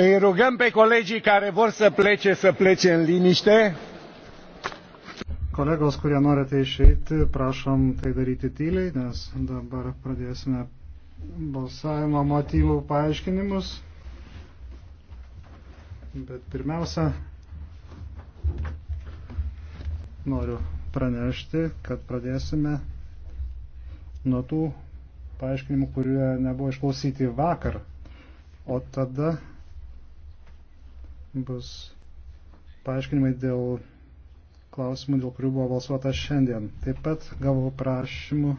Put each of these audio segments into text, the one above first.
Îi rugăm pe colegii care vor să plece să plece în liniște. Kolegos, kurie norite išeiti, prašom tai daryti tyliai, nes dabar pradėsime balsavimo motyvų paaiškinimus. Bet pirmiausia, noriu pranešti, kad pradėsime nuo tų paaiškinimų, kurie nebuvo išklausyti vakar. O tada bus paaiškinimai dėl klausimų, dėl kurių buvo balsuota šiandien. Taip pat gavau prašymų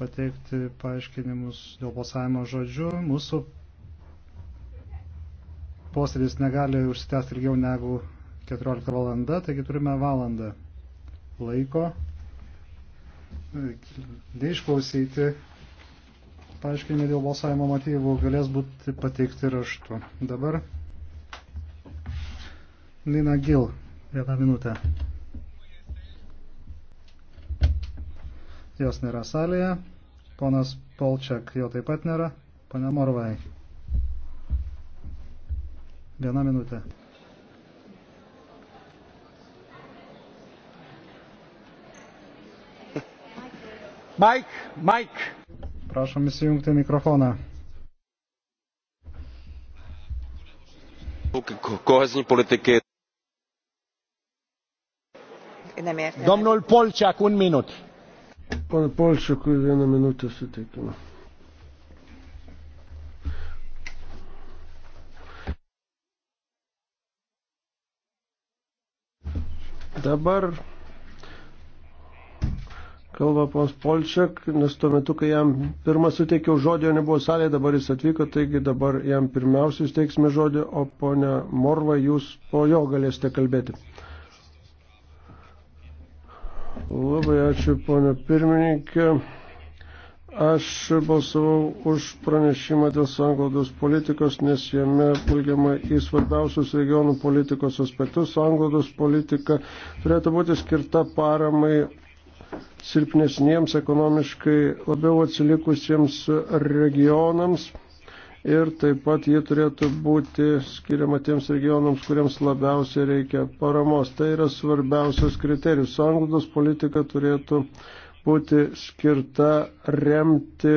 pateikti paaiškinimus dėl balsavimo žodžių. Mūsų posėdis negali užsitęsti ilgiau negu 14 valanda, taigi turime valandą laiko neišklausyti paaiškinimai dėl balsavimo motyvų galės būti pateikti raštu. Dabar Nina Gil, vieną minutę. Jos nėra salėje. Ponas Polčiak jo taip pat nėra. Pane Morvai. Viena minutė. Mike, Mike. Prašom įsijungti mikrofoną. Kohezní politiky. Domnul Polčiak, un minut. Pan Polčiakui vieną minutę suteikime. Dabar kalba pons Polčiak, nes tuo metu, kai jam pirmą suteikiau žodį, jo nebuvo salėje, dabar jis atvyko, taigi dabar jam pirmiausiai suteiksime žodį, o ponia Morva, jūs po jo galėsite kalbėti. Labai ačiū, ponia pirmininkė. Aš balsavau už pranešimą dėl sanglaudos politikos, nes jame pulgiama į svarbiausius regionų politikos aspektus. Sanglaudos politika turėtų būti skirta paramai silpnesniems ekonomiškai labiau atsilikusiems regionams ir taip pat ji turėtų būti skiriama tiems regionams, kuriems labiausiai reikia paramos. Tai yra svarbiausias kriterijus. Sanglaudos politika turėtų būti skirta remti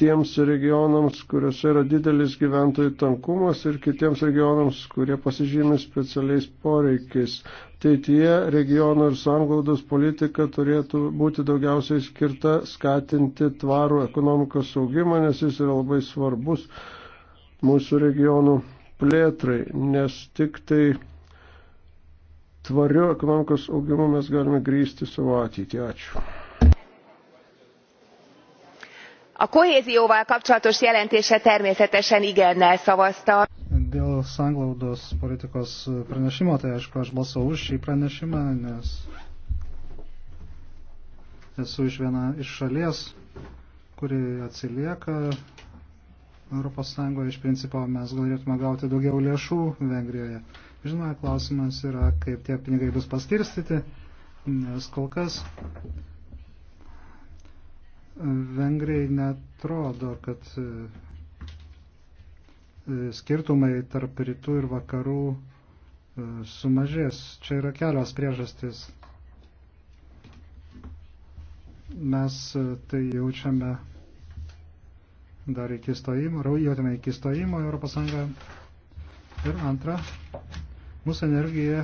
tiems regionams, kuriuose yra didelis gyventojų tankumas ir kitiems regionams, kurie pasižymė specialiais poreikiais. Teityje regionų ir sanglaudos politika turėtų būti daugiausiai skirta skatinti tvarų ekonomikos saugimą, nes jis yra labai svarbus mūsų regionų plėtrai, nes tik tai tvariu ekonomikos augimu mes galime grįsti savo ateitį. Ačiū a kohézióval kapcsolatos jelentésre természetesen igennel szavaztam. Dėl sanglaudos politikos pranešimo, tai aišku, aš balsavau už šį pranešimą, nes esu iš viena iš šalies, kuri atsilieka Europos Sąjungoje. Iš principo mes galėtume gauti daugiau lėšų Vengrijoje. Žinoma, klausimas yra, kaip tie pinigai bus paskirstyti, nes kol kas Vengrijai netrodo, kad e, skirtumai tarp rytų ir vakarų e, sumažės. Čia yra kelios priežastys. Mes e, tai jaučiame dar iki stojimo, jautėme iki stojimo Europos Sąjungą. Ir antra, mūsų energija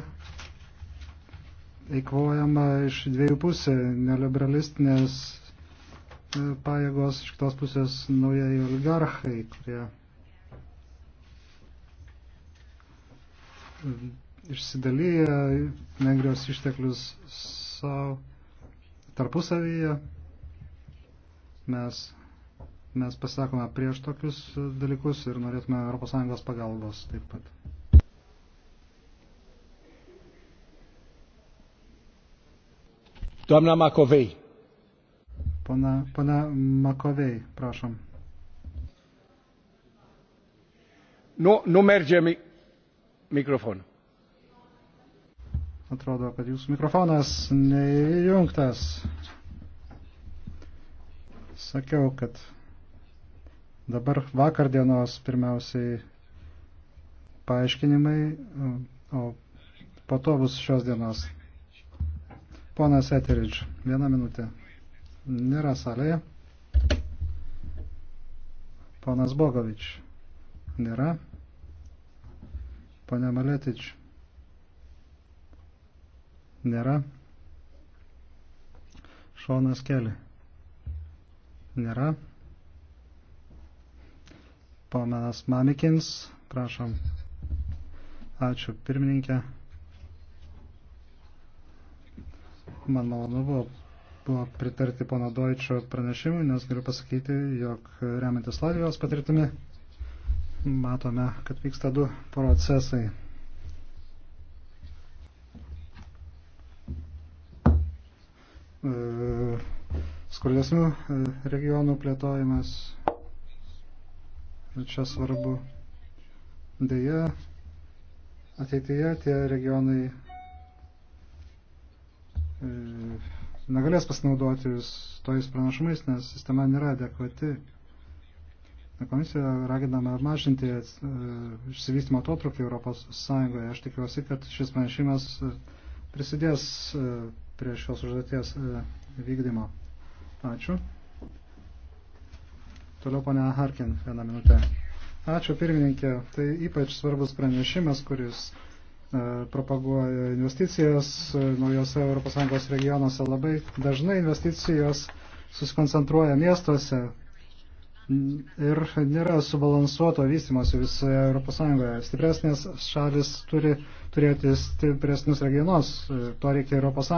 eikvojama iš dviejų pusė, neliberalistinės pajėgos, iš kitos pusės naujai oligarchai, kurie e, išsidalyja Vengrijos išteklius savo tarpusavyje. Mes, mes pasakome prieš tokius dalykus ir norėtume ES pagalbos taip pat. Doamna Macovei. Pana, pana Makovej, prašom. Nu, nu merge mi mikrofonul. Atrodo, kad jūsų mikrofonas neįjungtas. Sakiau, kad dabar vakardienos pirmiausiai paaiškinimai, o po to bus šios dienos. Ponas Eteridž, vieną minutę nėra salėje. Ponas Bogovič nėra. Pane Maletič nėra. Šonas Keli nėra. Pomenas Mamikins, prašom. Ačiū pirmininkė. Man malonu buvo pritarti pono Deutscho pranešimui, nes galiu pasakyti, jog remiantis Latvijos patirtimi, matome, kad vyksta du procesai. E, skurdesnių e, regionų plėtojimas. Čia svarbu. Deja, ateityje tie regionai e, negalės pasinaudoti tojais pranašumais, nes sistema nėra adekvati. Komisija raginama mažinti e, išsivystimo atotrukį Europos Sąjungoje. Aš tikiuosi, kad šis pranešimas e, prisidės e, prie šios užduoties vykdymo. Ačiū. Toliau ponia Harkin, vieną minutę. Ačiū pirmininkė. Tai ypač svarbus pranešimas, kuris E, propaguoja investicijas e, naujose ES regionuose. Labai dažnai investicijos susikoncentruoja miestuose ir nėra subalansuoto vystimosi visoje ES. Stipresnės šalis turi turėti stipresnius regionus, e, to reikia ES.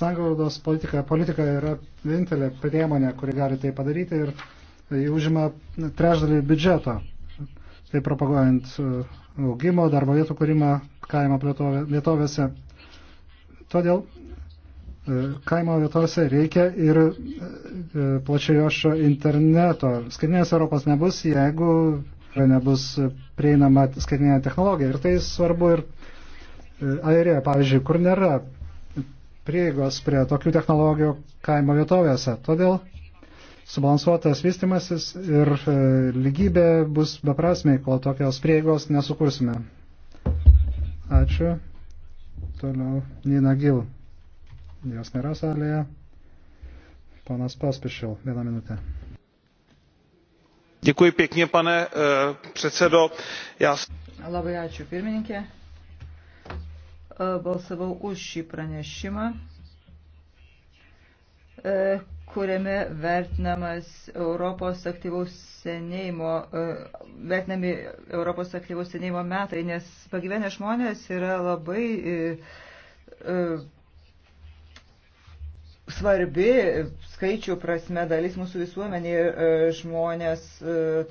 Sanglaudos politika, politika yra vienintelė priemonė, kuri gali tai padaryti ir užima trešdalį biudžeto tai propaguojant e, augimo, darbo vietų kūrimą kaimo vietovėse. Todėl e, kaimo vietovėse reikia ir e, plačiojošo interneto. Skaitinės Europos nebus, jeigu nebus prieinama skaitinė technologija. Ir tai svarbu ir Airija, pavyzdžiui, kur nėra prieigos prie tokių technologijų kaimo vietovėse. Todėl Subalansuotas vystimasis ir e, lygybė bus beprasmiai, kol tokios prieigos nesukursime. Ačiū. Toliau Nina Gil. Jos nėra salėje. Panas Pospišil, vieną minutę. Děkuji pěkně, pane e, předsedo. Já... Labai ačiū, pirmininkė. E, balsavau už šį pranešimą. E, kuriame vertinamas Europos aktyvaus senėjimo, e, vertinami Europos aktyvaus senėjimo metai, nes pagyvenę žmonės yra labai e, e, svarbi skaičių prasme dalis mūsų visuomenė žmonės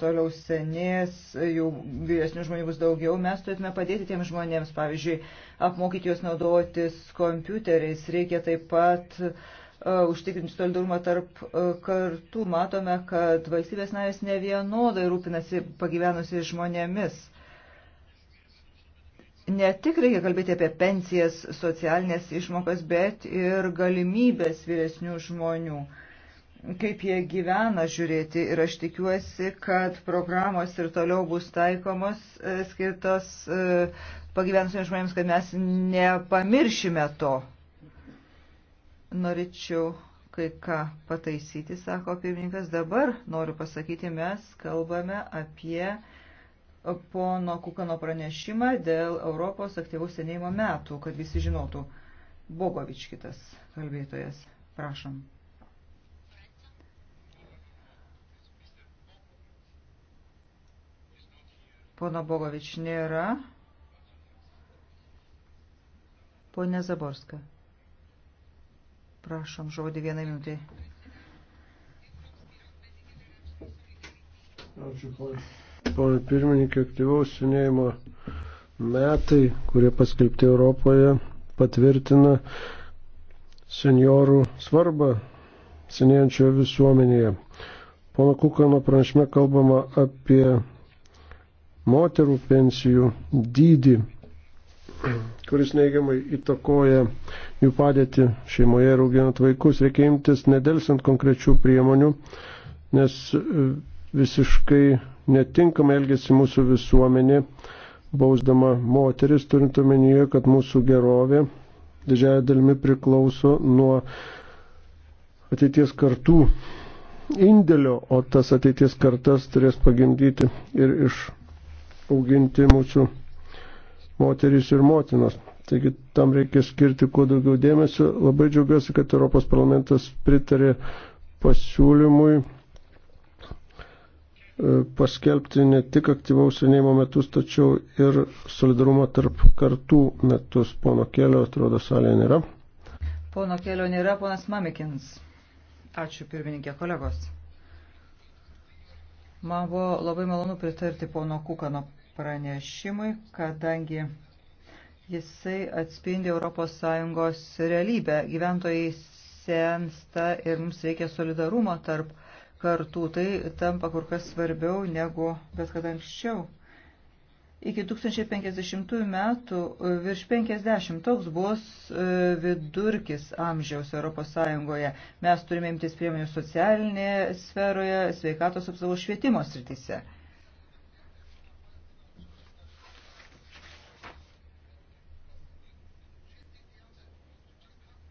toliau senės, jų vyresnių žmonių bus daugiau, mes turėtume padėti tiem žmonėms, pavyzdžiui, apmokyti juos naudotis kompiuteriais, reikia taip pat uh, E, užtikrinti solidarumą tarp e, kartų. Matome, kad valstybės narės ne vienodai rūpinasi pagyvenusiais žmonėmis. Ne tik reikia kalbėti apie pensijas, socialinės išmokas, bet ir galimybės vyresnių žmonių, kaip jie gyvena žiūrėti. Ir aš tikiuosi, kad programos ir toliau bus taikomos e, skirtos pagyvenusiems žmonėms, kad mes nepamiršime to. Norėčiau kai ką pataisyti, sako pirmininkas. Dabar noriu pasakyti, mes kalbame apie pono Kukano pranešimą dėl Europos aktyvaus senėjimo metų, kad visi žinotų. Bogovič kitas kalbėtojas. Prašom. Pono Bogovič nėra. Pone Zaborska. Prašom žodį vieną minutį. Ačiū, ponė. Pone pirmininkė, aktyvaus senėjimo metai, kurie paskelbti Europoje, patvirtina seniorų svarbą senėjančioje visuomenėje. Pono Kukano pranešme kalbama apie moterų pensijų dydį kuris neigiamai įtakoja jų padėtį šeimoje ir auginant vaikus. Reikia imtis nedelsant konkrečių priemonių, nes e, visiškai netinkamai elgesi mūsų visuomenė, bausdama moteris, turint omenyje, kad mūsų gerovė didžiaja dalimi priklauso nuo ateities kartų indėlio, o tas ateities kartas turės pagimdyti ir išauginti mūsų moterys ir motinos. Taigi tam reikia skirti kuo daugiau dėmesio. Labai džiaugiuosi, kad Europos parlamentas pritarė pasiūlymui e, paskelbti ne tik aktyvaus senėjimo metus, tačiau ir solidarumo tarp kartų metus. Pono Kelio, atrodo, salėje nėra. Pono Kelio nėra, ponas Mamikins. Ačiū pirmininkė, kolegos. Man buvo labai malonu pritarti pono Kukano pranešimui, kadangi jisai atspindi ES realybę. Gyventojai sensta ir mums reikia solidarumo tarp kartų. Tai tampa kur kas svarbiau negu bet kada anksčiau. Iki 2050 metų virš 50 toks bus e, vidurkis amžiaus ES. Mes turime imtis priemonių socialinėje sferoje, sveikatos apsaugos švietimo srityse.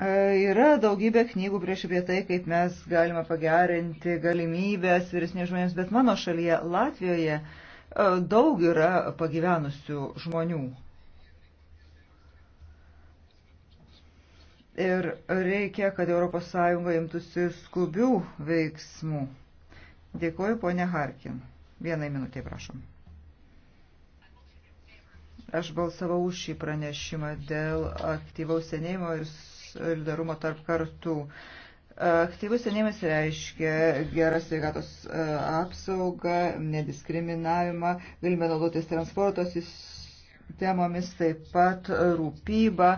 E, yra daugybė knygų prieš apie tai, kaip mes galime pagerinti galimybės vyresniems žmonėms, bet mano šalyje, Latvijoje, e, daug yra pagyvenusių žmonių. Ir reikia, kad ES imtųsi skubių veiksmų. Dėkuoju, ponė Harkin. Vienai minutė, prašom. Aš balsavau už šį pranešimą dėl aktyvaus senėjimo ir solidarumą tarp kartų. Aktyvus senėjimas reiškia gerą sveikatos e, apsaugą, nediskriminavimą, galime naudotis transporto sistemomis, taip pat rūpybą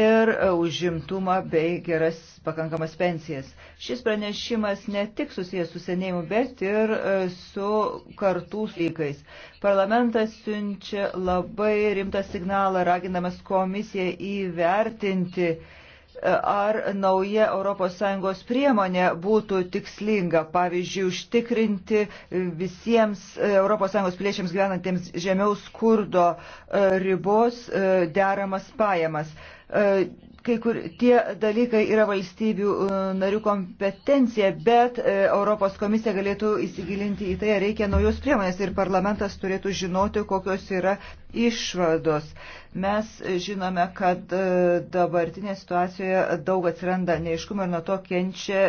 ir užimtumą bei geras pakankamas pensijas. Šis pranešimas ne tik susijęs su senėjimu, bet ir e, su kartų sveikais. Parlamentas siunčia labai rimtą signalą, raginamas komisiją įvertinti uh, ar nauja ES priemonė būtų tikslinga, pavyzdžiui, užtikrinti visiems e, ES piliečiams gyvenantiems žemiau skurdo e, ribos e, deramas pajamas kai kur tie dalykai yra valstybių e, narių kompetencija, bet e, Europos komisija galėtų įsigilinti į tai, reikia naujos priemonės ir parlamentas turėtų žinoti, kokios yra išvados. Mes žinome, kad e, dabartinė situacijoje daug atsiranda neiškumo ir nuo to kenčia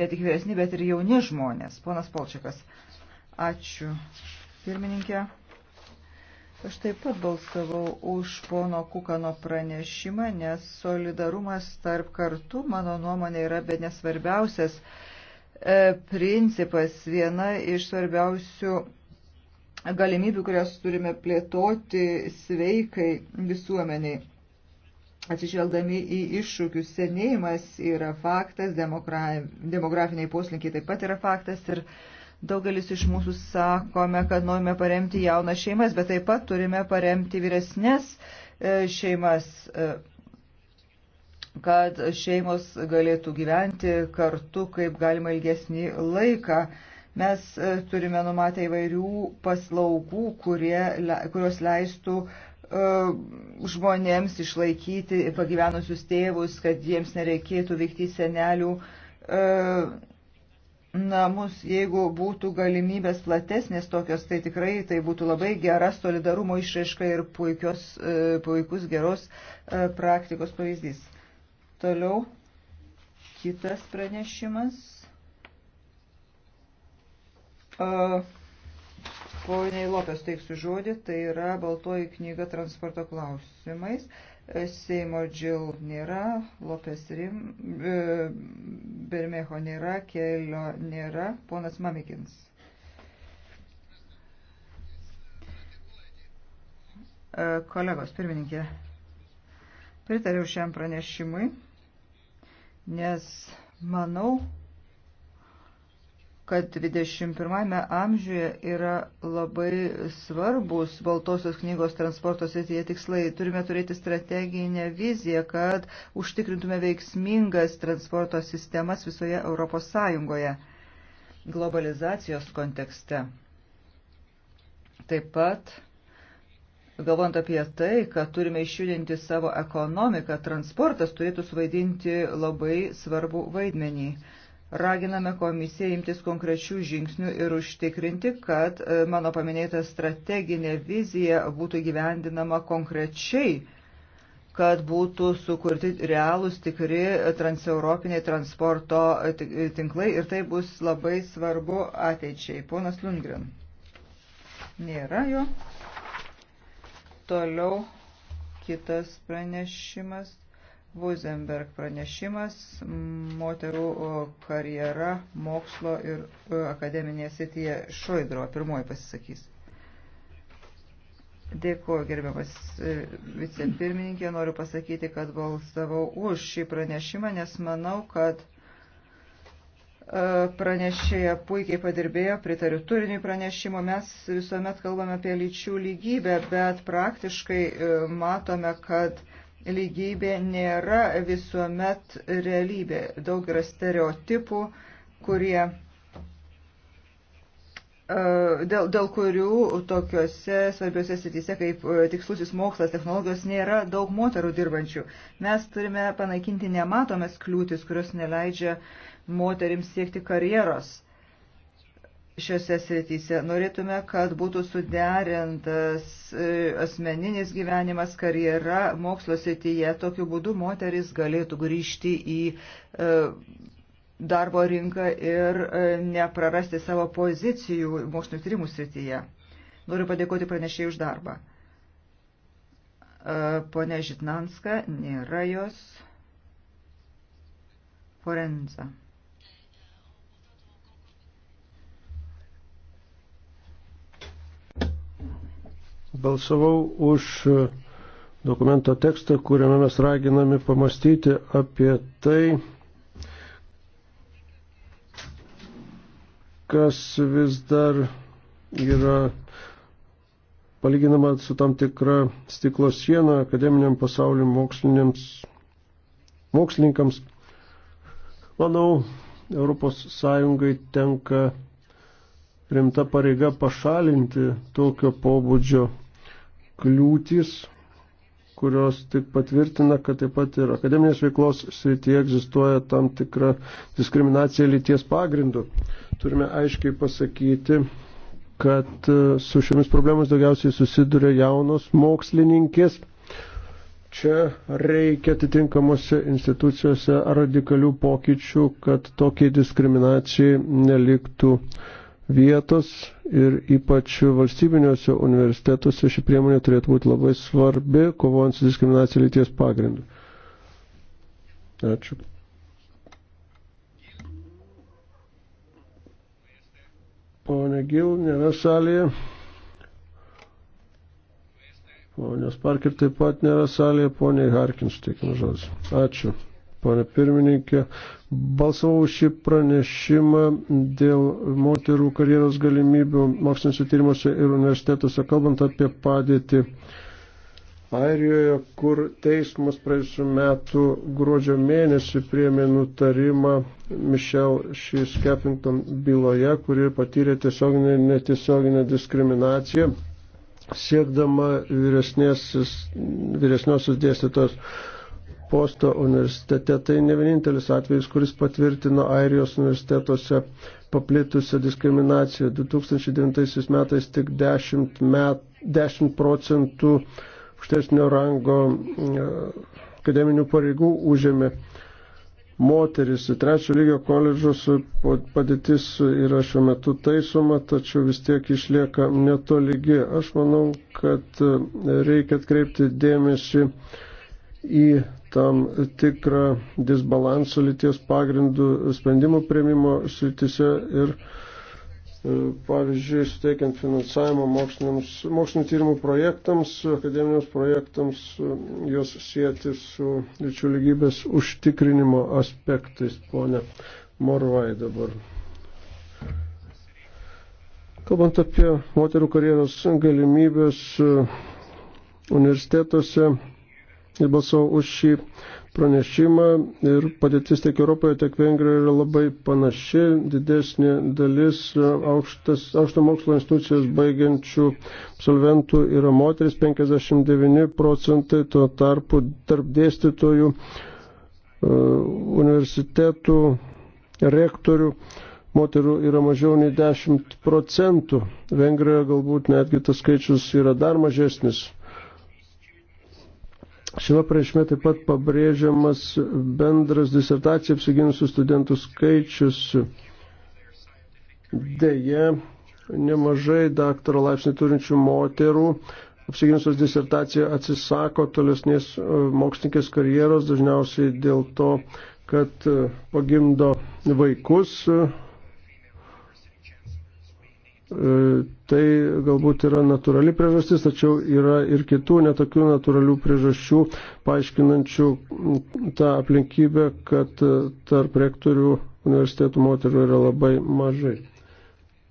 ne tik vyresni, bet ir jauni žmonės. Ponas Polčiakas. Ačiū. Pirmininkė. Aš taip pat balsavau už pono Kukano pranešimą, nes solidarumas tarp kartų, mano nuomonė, yra be nesvarbiausias e, principas, viena iš svarbiausių galimybių, kurias turime plėtoti sveikai visuomeniai. Atsižvelgdami į iššūkius, senėjimas yra faktas, demografiniai poslinkiai taip pat yra faktas ir e, Daugelis iš mūsų sakome, kad norime paremti jaunas šeimas, bet taip pat turime paremti vyresnės e, šeimas, e, kad šeimos galėtų gyventi kartu kaip galima ilgesnį laiką. Mes e, turime numatę įvairių paslaugų, kurie, kurios leistų žmonėms išlaikyti pagyvenusius tėvus, kad jiems nereikėtų vykti senelių namus, jeigu būtų galimybės platesnės tokios, tai tikrai tai būtų labai gera solidarumo išraiška ir puikios, e, puikus geros e, praktikos pavyzdys. Toliau kitas pranešimas. E, poniai Lopės teiksiu žodį, tai yra Baltoji knyga transporto klausimais. Seimo Džil nėra, Lopes Rim, e, Bermeho nėra, Kelio nėra, ponas Mamikins. E, kolegos, pirmininkė, pritariau šiam pranešimui, nes manau, kad 21 amžiuje yra labai svarbus Baltosios knygos transporto srityje tikslai. Turime turėti strateginę viziją, kad užtikrintume veiksmingas transporto sistemas visoje Europos Sąjungoje globalizacijos kontekste. Taip pat Galvant apie tai, kad turime išjudinti savo ekonomiką, transportas turėtų suvaidinti labai svarbų vaidmenį. Raginame komisiją imtis konkrečių žingsnių ir užtikrinti, kad e, mano paminėta strateginė vizija būtų gyvendinama konkrečiai kad būtų sukurti realūs tikri e, transeuropiniai transporto e, tinklai ir tai bus labai svarbu ateičiai. Ponas Lundgren. Nėra jo. Toliau kitas pranešimas. Buzenberg pranešimas moterų karjera mokslo ir akademinėje srityje Šoidro pirmoji pasisakys. Dėkuoju, gerbiamas e, vicepirmininkė, noriu pasakyti, kad balsavau už šį pranešimą, nes manau, kad e, pranešėja puikiai padirbėjo, pritariu turiniui pranešimo. Mes visuomet kalbame apie lyčių lygybę, bet praktiškai e, matome, kad lygybė nėra visuomet realybė. Daug yra stereotipų, kurie e, dėl, dėl kurių tokiuose svarbiuose srityse kaip e, tikslusis mokslas, technologijos nėra daug moterų dirbančių. Mes turime panaikinti nematomas kliūtis, kurios neleidžia moterims siekti karjeros šiuose srityse. Norėtume, kad būtų suderintas e, asmeninis gyvenimas, karjera, mokslo srityje. Tokiu būdu moteris galėtų grįžti į e, darbo rinką ir e, neprarasti savo pozicijų mokslinio tyrimų srityje. Noriu padėkoti pranešėjai už darbą. Pone Žitnanska, nėra jos. Forenza. Balsavau už e, dokumento tekstą, kuriame mes raginami pamastyti apie tai, kas vis dar yra palyginama su tam tikra stiklo siena akademiniam pasauliu mokslininkams. Manau, Europos Sąjungai tenka rimta pareiga pašalinti tokio pobūdžio kliūtis, kurios tik patvirtina, kad taip pat ir akademinės veiklos srityje egzistuoja tam tikra diskriminacija lyties pagrindu. Turime aiškiai pasakyti, kad e, su šiomis problemas daugiausiai susiduria jaunos mokslininkės. Čia reikia atitinkamose institucijose radikalių pokyčių, kad tokiai diskriminacijai neliktų uh, vietos ir ypač valstybiniuose universitetuose ši priemonė turėtų būti labai svarbi, kovojant su diskriminacija lyties pagrindu. Ačiū. Pone Gil, nėra salėje. Ponios Parker taip pat nėra salėje, poniai Harkins, teikim žodžiu. Ačiū, pone pirmininkė. Balsavau šį pranešimą dėl moterų karjeros galimybių moksliniuose tyrimuose ir universitetuose, kalbant apie padėtį Airijoje, kur teismas praėjusiu metu gruodžio mėnesį priemė nutarimą Michelle Šis Kepington byloje, kuri patyrė tiesioginę ir netiesioginę diskriminaciją, siekdama vyresniosios dėstytos posto universitete. Tai ne vienintelis atvejis, kuris patvirtino Airijos universitetuose paplitusią diskriminaciją. 2009 metais tik 10, met, 10 procentų aukštesnio rango mm, akademinių pareigų užėmė moteris. Trečio lygio koledžos padėtis yra šiuo metu taisoma, tačiau vis tiek išlieka netolygi. Aš manau, kad e, reikia atkreipti dėmesį į tam tikrą disbalansą lyties pagrindų sprendimų prieimimo sritise ir e, pavyzdžiui, suteikiant finansavimą mokslinio tyrimų projektams, akademiniams projektams, e, juos sieti su lyčių lygybės užtikrinimo aspektais, ponė Morvai dabar. Kalbant apie moterų karjeros galimybės e, universitetuose, ir balsavau už šį pranešimą ir padėtis tiek Europoje, tiek Vengrijoje yra labai panaši. Didesnė dalis aukštas, aukšto mokslo institucijos baigiančių absolventų yra moteris 59 procentai, tuo tarpu tarp dėstytojų e, universitetų rektorių moterų yra mažiau nei 10 procentų. Vengrijoje galbūt netgi tas skaičius yra dar mažesnis. Šiame prašyme taip pat pabrėžiamas bendras disertacija apsiginusių studentų skaičius. Deja, nemažai daktaro laipsnį turinčių moterų apsiginusios disertaciją atsisako tolesnės e, mokslininkės karjeros, dažniausiai dėl to, kad e, pagimdo vaikus. E, Tai galbūt yra natūrali priežastis, tačiau yra ir kitų netokių natūralių priežasčių, paaiškinančių tą aplinkybę, kad tarp rektorių universitetų moterų yra labai mažai.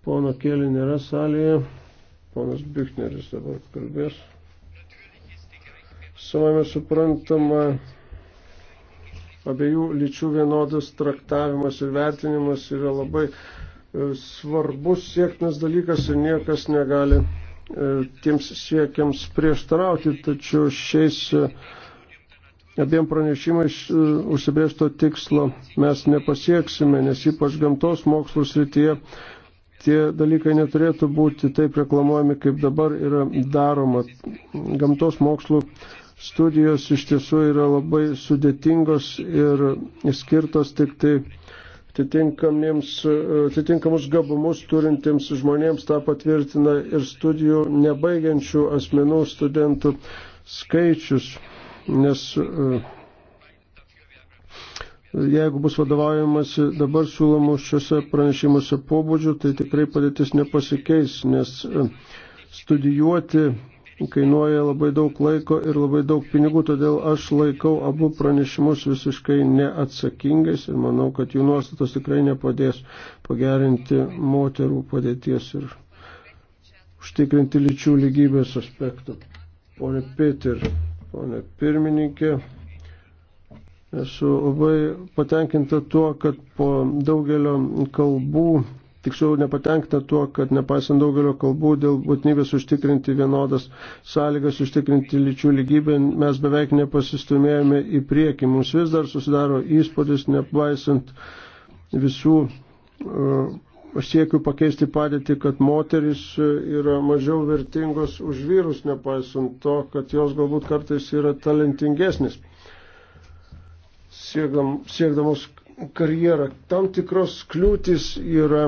Pono Kėlį nėra salėje, ponas Bichneris dabar kalbės. Savame suprantama, abiejų lyčių vienodas traktavimas ir vertinimas yra labai E, svarbus siektinas dalykas ir niekas negali e, tiems siekiams prieštarauti, tačiau šiais e, abiem pranešimais užsibrėžto tikslo mes nepasieksime, nes ypač gamtos mokslų srityje tie dalykai neturėtų būti taip reklamuojami, kaip dabar yra daroma. Gamtos mokslų studijos iš tiesų yra labai sudėtingos ir skirtos tik tai atitinkamus gabumus turintiems žmonėms tą patvirtina ir studijų nebaigiančių asmenų studentų skaičius, nes e, jeigu bus vadovaujamas dabar siūlomų šiuose pranešimuose pobūdžių, tai tikrai padėtis nepasikeis, nes e, studijuoti kainuoja labai daug laiko ir labai daug pinigų, todėl aš laikau abu pranešimus visiškai neatsakingais ir manau, kad jų nuostatos tikrai nepadės pagerinti moterų padėties ir užtikrinti lyčių lygybės aspektų. Pone Peter, pone pirmininkė, esu labai patenkinta tuo, kad po daugelio kalbų tiksliau nepatenkta tuo, kad nepaisant daugelio kalbų dėl būtinybės užtikrinti vienodas sąlygas, užtikrinti lyčių lygybę, mes beveik nepasistumėjome į priekį. Mums vis dar susidaro įspūdis, nepaisant visų uh, siekių pakeisti padėtį, kad moteris uh, yra mažiau vertingos už vyrus, nepaisant to, kad jos galbūt kartais yra talentingesnis. Siekdam, siekdamos karjerą. Tam tikros kliūtis yra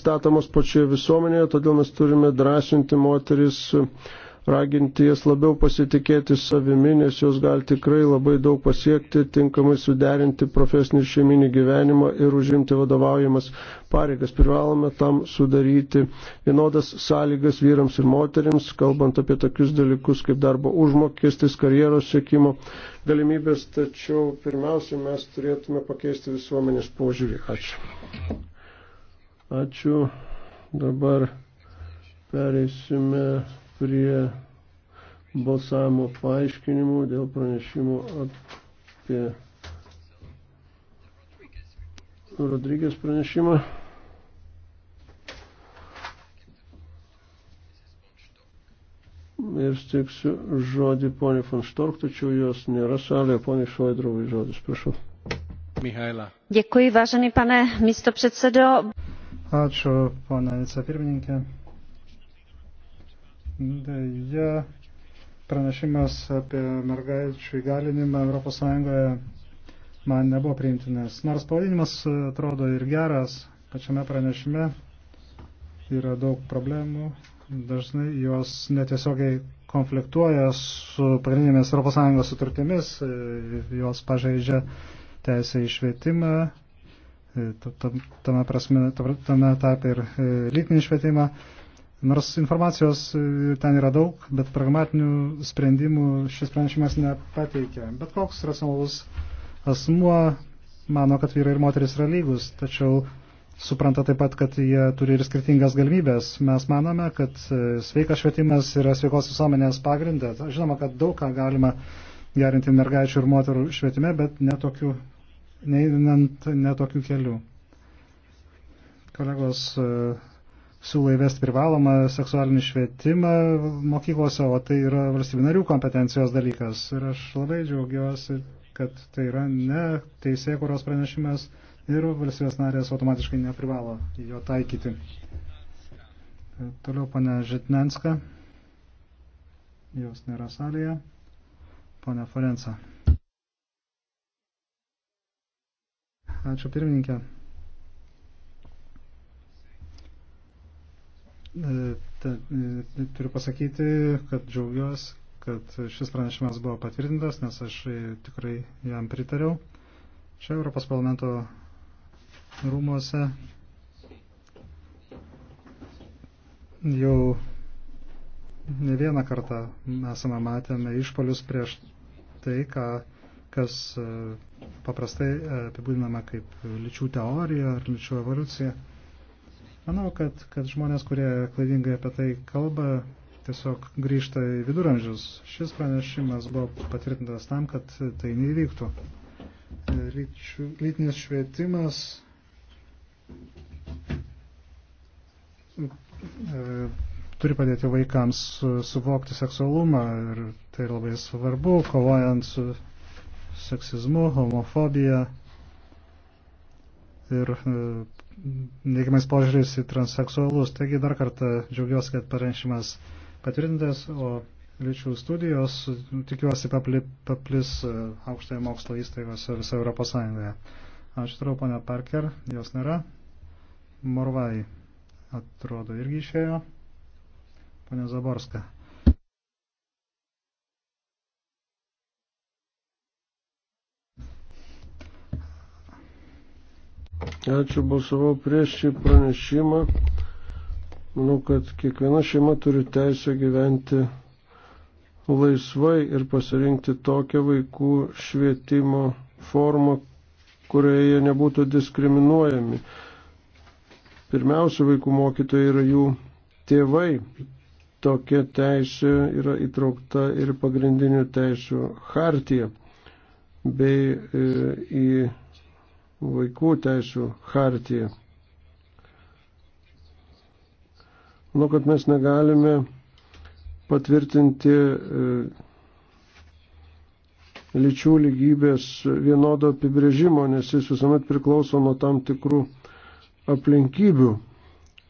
statomos pačioje visuomenėje, todėl mes turime drąsinti moteris uh, raginti jas labiau pasitikėti savimi, nes jos gali tikrai labai daug pasiekti, tinkamai suderinti profesinį ir šeiminį gyvenimą ir užimti vadovaujamas pareigas. Privalome tam sudaryti vienodas sąlygas vyrams ir moteriams, kalbant apie tokius dalykus kaip darbo užmokestis, karjeros siekimo galimybės, tačiau pirmiausia, mes turėtume pakeisti visuomenės požiūrį. Ačiū. Ačiū. Dabar pereisime prie balsavimo paaiškinimų dėl pranešimų apie Rodrygės pranešimą. Ir stiksiu žodį ponė von Štork, tačiau jos nėra salėje, ponė Šoidrovai žodis, prašau. Mihaila. Dėkui, važani pane misto predsedo. Ačiū, ponė vicepirmininkė. Deja, pranešimas apie mergaičių įgalinimą ES man nebuvo priimtinas. Nors pavadinimas atrodo ir geras, pačiame pranešime yra daug problemų, dažnai jos netiesiogiai konfliktuoja su pagrindinėmis ES sutartimis, jos pažeidžia teisę į švietimą, e, tame, prasme, tame etape ir e, lytinį švietimą. Nors informacijos e, ten yra daug, bet pragmatinių sprendimų šis pranešimas nepateikia. Bet koks racionalus asmuo mano, kad vyrai ir moteris yra lygus, tačiau supranta taip pat, kad jie turi ir skirtingas galimybės. Mes manome, kad e, sveikas švietimas yra sveikos visuomenės pagrindas. Žinoma, kad daug ką galima gerinti mergaičių ir moterų švietime, bet netokiu, neįdinant netokiu keliu. Kolegos e, siūlo įvesti privalomą seksualinį švietimą mokyklose, o tai yra valstybinarių kompetencijos dalykas. Ir aš labai džiaugiuosi, kad tai yra ne teisė, kurios pranešimas ir valstybės narės automatiškai neprivalo jo taikyti. Toliau pane Žitnenska, jos nėra salėje, pane Forenca. Ačiū pirmininkė. E, ta, e, tai turiu pasakyti, kad džiaugiuosi, kad šis pranešimas buvo patvirtintas, nes aš e, tikrai jam pritariau. Čia Europos parlamento rūmose jau ne vieną kartą esame matėme išpolius prieš tai, ką, kas paprastai apibūdinama kaip lyčių teorija ar lyčių evoliucija. Manau, kad, kad žmonės, kurie klaidingai apie tai kalba, tiesiog grįžta į viduramžius. Šis pranešimas buvo patvirtintas tam, kad tai neįvyktų. Lyčių, lytinis švietimas e, turi padėti vaikams suvokti seksualumą ir tai labai svarbu, kovojant su seksizmu, homofobija ir e, neigiamais požiūriais į transseksualus. Taigi dar kartą džiaugiuosi, kad pareišimas patvirtintas, o lyčių studijos, tikiuosi, papli, paplis e, aukštoje mokslo įstaigose visoje Europos Sąjungoje. Ačiū toliau, ponia Parker, jos nėra. Morvai atrodo irgi išėjo. Pane Zaborska. Ačiū, balsavau prieš šį pranešimą. Manau, kad kiekviena šeima turi teisę gyventi laisvai ir pasirinkti tokią vaikų švietimo formą, kurioje jie nebūtų diskriminuojami. Pirmiausia, vaikų mokytojai yra jų tėvai. Tokia teisė yra įtraukta ir pagrindinių teisų hartija bei e, į vaikų teisų hartiją. Manau, kad mes negalime patvirtinti e, lyčių lygybės vienodo apibrėžimo, nes jis visuomet priklauso nuo tam tikrų aplinkybių.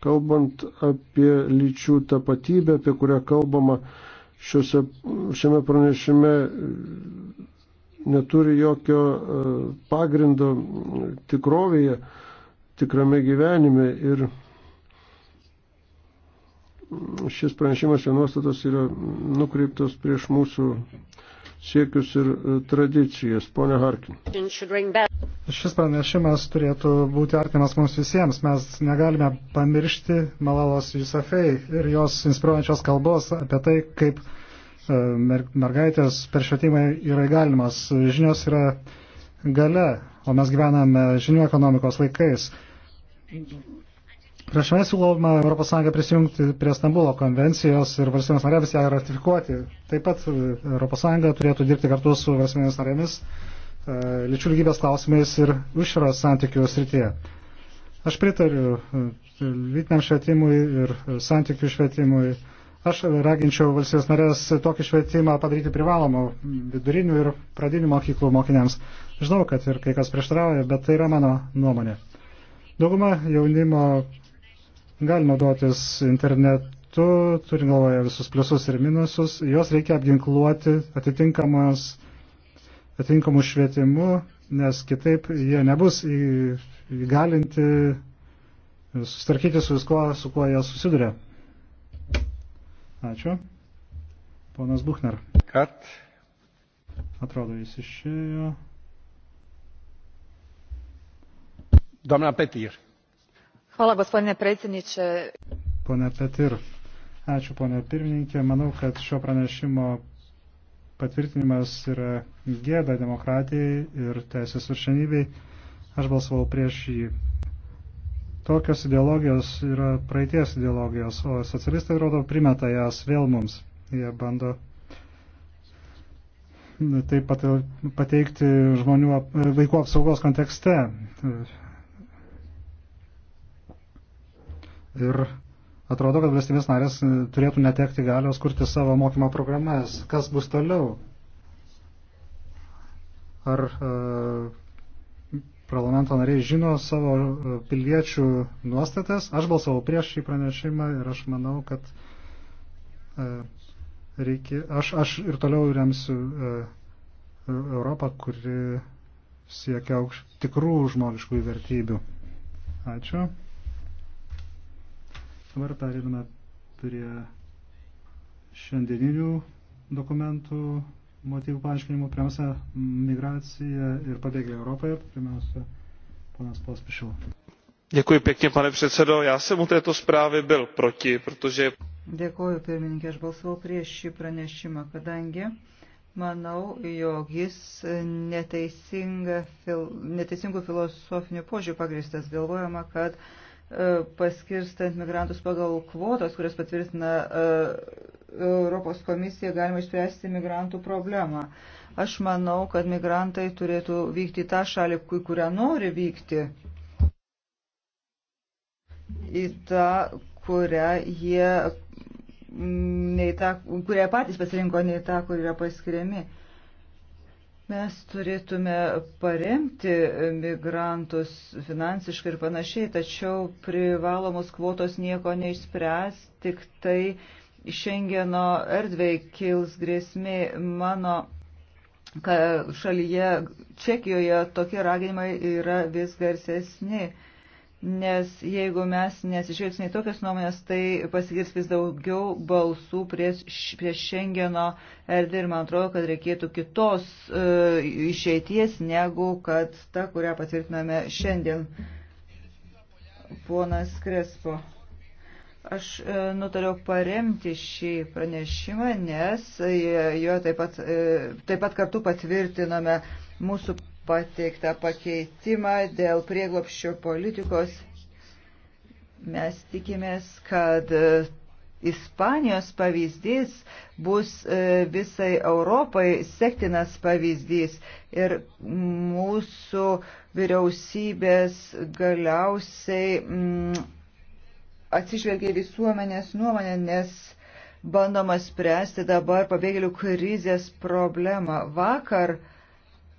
Kalbant apie lyčių tapatybę, apie kurią kalbama šiuose, šiame pranešime, neturi jokio e, pagrindo tikrovėje, tikrame gyvenime. Ir šis pranešimas ir nuostatos yra nukreiptos prieš mūsų siekius ir e, tradicijas. Pone Harkin. Šis pranešimas turėtų būti artimas mums visiems. Mes negalime pamiršti Malalos Jusafei ir jos inspiruojančios kalbos apie tai, kaip E, mergaitės peršvietimai yra galimas. Žinios yra gale, o mes gyvename žinių ekonomikos laikais. Prieš mes siūloma ES prisijungti prie Stambulo konvencijos ir valstybės narėmis ją ratifikuoti. Taip pat ES turėtų dirbti kartu su valstybės narėmis e, lyčių lygybės klausimais ir užsiros santykių srityje. Aš pritariu e, lytiniam švietimui ir santykių švietimui Aš raginčiau valstybės narės tokį švietimą padaryti privalomą vidurinių ir pradinių mokyklų mokiniams. Žinau, kad ir kai kas prieštarauja, bet tai yra mano nuomonė. Dauguma jaunimo gali naudotis internetu, turint galvoje visus pliusus ir minusus, juos reikia apginkluoti atitinkamų švietimų, nes kitaip jie nebus įgalinti sustarkyti su viskuo, su kuo jie susiduria. Ačiū. Ponas Buchner. Kart. Atrodo, jis išėjo. Domna Petir. Hvala, gospodine predsjedniče. Pone Petir. Ačiū, ponė pirmininkė. Manau, kad šio pranešimo patvirtinimas yra gėda demokratijai ir teisės viršenybei. Aš balsavau prieš jį. Tokios ideologijos yra praeities ideologijos, o socialistai, rodo, primeta jas vėl mums. Jie bando taip pat pateikti žmonių vaikų apsaugos kontekste. Ir atrodo, kad valstybės narės turėtų netekti galios kurti savo mokymo programas. Kas bus toliau? Ar uh, parlamento nariai žino savo e, piliečių nuostatas. Aš balsavau prieš šį pranešimą ir aš manau, kad e, reikia, aš, aš ir toliau remsiu e, Europą, kuri siekia aukš, tikrų žmogiškų vertybių. Ačiū. Dabar perėdame prie šiandieninių dokumentų motyvų paaiškinimų. Pirmiausia, migracija ir pabėgėliai Europoje. Pirmiausia, panas Pospišil. Děkuji pěkně, pane předsedo. Já jsem u této zprávy byl proti, protože... Dėkuoju, pirmininkė, aš balsavau prieš šį pranešimą, kadangi manau, jog jis neteisinga, fil, neteisingų filosofinių požiūrį pagristas. Galvojama, kad uh, E, paskirstant migrantus pagal kvotas, kurias patvirtina e, Europos komisija, galima išspręsti migrantų problemą. Aš manau, kad migrantai turėtų vykti į tą šalį, į kurią nori vykti, į tą, kurią jie, ne į tą, kurią patys pasirinko, ne į tą, kur yra paskiriami. Mes turėtume paremti migrantus finansiškai ir panašiai, tačiau privalomos kvotos nieko neišspręs, tik tai Šengeno erdvėj kils grėsmė mano šalyje, Čekijoje tokie raginimai yra vis garsesni nes jeigu mes nesižvelgsime į tokias nuomonės, tai pasigirs vis daugiau balsų prieš, prieš Šengeno erdvę ir man atrodo, kad reikėtų kitos uh, išeities negu kad ta, kurią patvirtiname šiandien. Ponas Krespo. Aš uh, nutariau paremti šį pranešimą, nes e, jo taip pat, uh, taip pat kartu patvirtiname mūsų pateiktą pakeitimą dėl prieglopščio politikos. Mes tikimės, kad e, Ispanijos pavyzdys bus e, visai Europai sektinas pavyzdys ir mūsų vyriausybės galiausiai mm, atsižvelgia visuomenės nuomonę, nes bandoma spręsti dabar pabėgėlių krizės problemą. Vakar uh,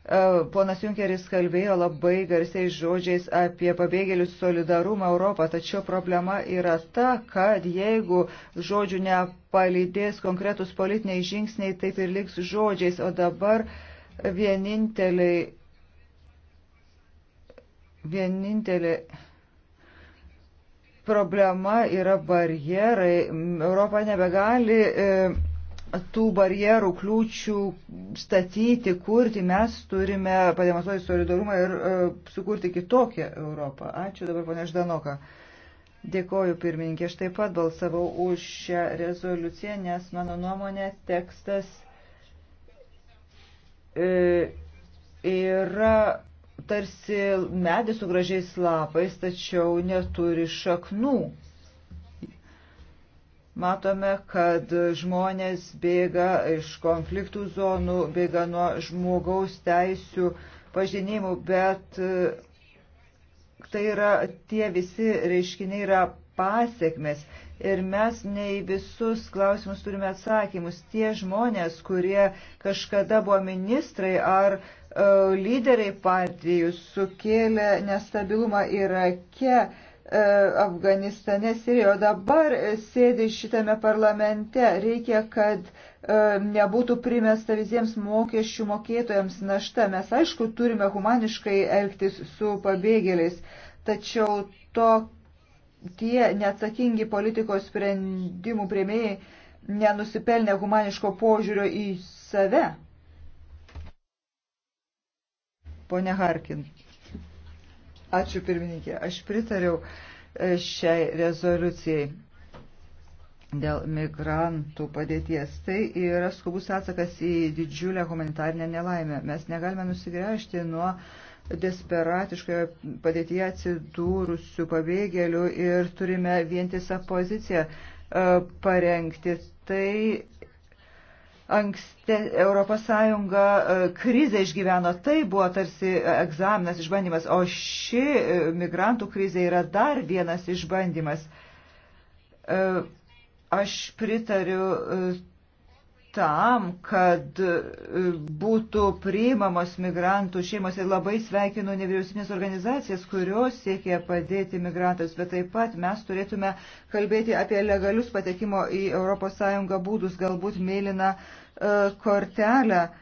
E, ponas Junkeris kalbėjo labai garsiais žodžiais apie pabėgėlių solidarumą Europą, tačiau problema yra ta, kad jeigu žodžių nepalydės konkretus politiniai žingsniai, taip ir liks žodžiais, o dabar vieninteliai, vienintelė problema yra barjerai. Europa nebegali. E, tų barjerų, kliūčių statyti, kurti, mes turime pademonstruoti solidarumą ir uh, sukurti kitokią Europą. Ačiū dabar, ponė Ždanoka. Dėkoju, pirmininkė. Aš taip pat balsavau už šią rezoliuciją, nes mano nuomonė tekstas e, yra tarsi medis su gražiais lapais, tačiau neturi šaknų. Matome, kad žmonės bėga iš konfliktų zonų, bėga nuo žmogaus teisių pažinimų, bet e, tai yra, tie visi reiškiniai yra pasiekmes ir mes ne į visus klausimus turime atsakymus. Tie žmonės, kurie kažkada buvo ministrai ar uh, lyderiai partijų, sukėlė nestabilumą Irake. Uh, E, Afganistane, Sirijoje. Dabar sėdi šitame parlamente. Reikia, kad e, nebūtų primesta visiems mokesčių mokėtojams našta. Mes aišku turime humaniškai elgtis su pabėgėliais, tačiau to tie neatsakingi politikos sprendimų prieimėjai nenusipelnė humaniško požiūrio į save. Pone Harkin. Ačiū pirmininkė. Aš pritariau e, šiai rezoliucijai dėl migrantų padėties. Tai yra skubus atsakas į didžiulę humanitarinę nelaimę. Mes negalime nusigręžti nuo desperatiškoje padėtyje atsidūrusių pabėgėlių ir turime vientisą poziciją e, parengti. Tai ankste Europos Sąjunga e, krizę išgyveno, tai buvo tarsi egzaminas, išbandymas, o ši e, migrantų krizė yra dar vienas išbandymas. E, aš pritariu tam, kad e, būtų priimamos migrantų šeimos ir labai sveikinu nevyriausybinės organizacijas, kurios siekia padėti migrantams, bet taip pat mes turėtume kalbėti apie legalius patekimo į ES būdus, galbūt mėlyną e, kortelę. Uh,